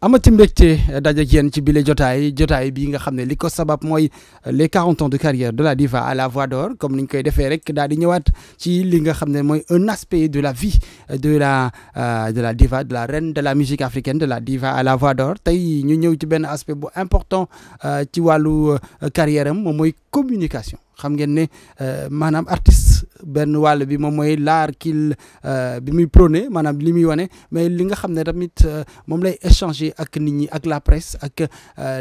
amati mbégte dajeeg yéen ci bile jotaay jotaay bii nga xam ne li ko sabab mooy les 40 de carrière de la diva à la voix d'or comme ni koy defee rek daal di ñëwaat ci li nga xam ne mooy un aspect de la vie de la euh, de la diva de la reine de la musique africaine de la diva à la voix d'or tey ñu ñëw ci benn aspect bu important euh, ci wàllu euh, carrière am moom mooy communication. xam ngeen ne euh, maanaam artiste benn wàll bi moom mooy l'art qu'il euh, bi muy prôné maanaam li muy wane mais li nga xam ne tamit euh, moom lay échanger ak nit ñi ak la presse ak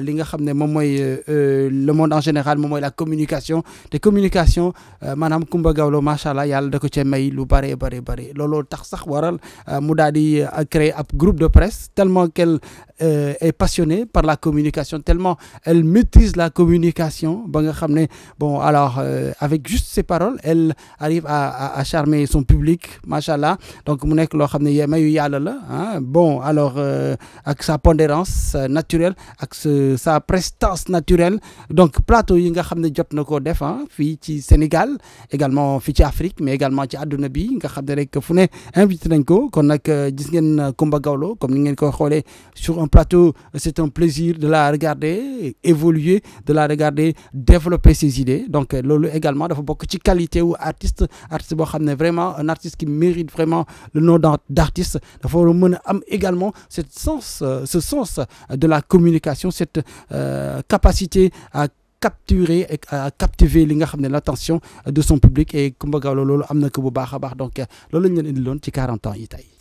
li nga xam ne moom mooy le monde en général moom mooy la communication te communication maanaam Coumba Gawlo macha allah yàlla da ko cee may lu bare bare bare looloo tax sax waral mu daal di créer ab groupe de presse tellement qu'elle euh, est par la communication, tellement elle maîtrise la communication. Bon, alors, euh, avec juste ses paroles, elle arrive à, à, à charmer son public, machallah. Donc, bon, alors, euh, avec sa pondérance euh, naturelle, avec sa prestance naturelle. Donc, plateau yi nga xam ne jot na koo def fii ci Sénégal également fii ci Afrique mais également ci àdduna bi nga xam ne rek fu ne invité nañ ko kon nag jis euh, ngeen Kumba Gawlo comme ni ngeen ko xoolee un plateau, euh, c'est un plaisir de la regarder évoluer, de la regarder développer ses idées. Donc, euh, Lolo également, dafa bokk ci qualité wu artiste, artiste boo xam ne vraiment un artiste qui mérite vraiment le nom d'artiste. Dafa war a mën am également cette sens, euh, ce sens de la communication, cette euh, capacité à capturer et à captiver li nga xam ne l'attention de son public et Coumba Gawlo loolu am na ko bu baax a baax donc loolu lañ leen loon ci 40 ans yi tey.